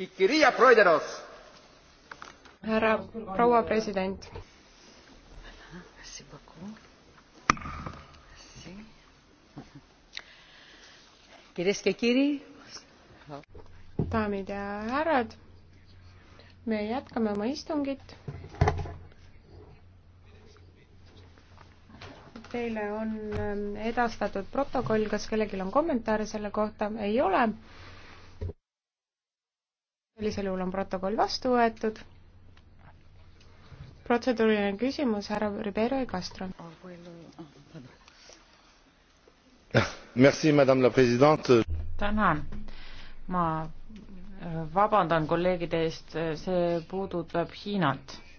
härra proua president daamid ja härrad me jätkame oma istungit teile on ähm, edastatud protokoll kas kellelgi on kommentaare selle kohta ei ole sellisel juhul on protokoll vastu võetud. protseduuriline küsimus, härra Ribeiro ja Castro. tänan, ma äh, vabandan kolleegide eest, see puudutab Hiinat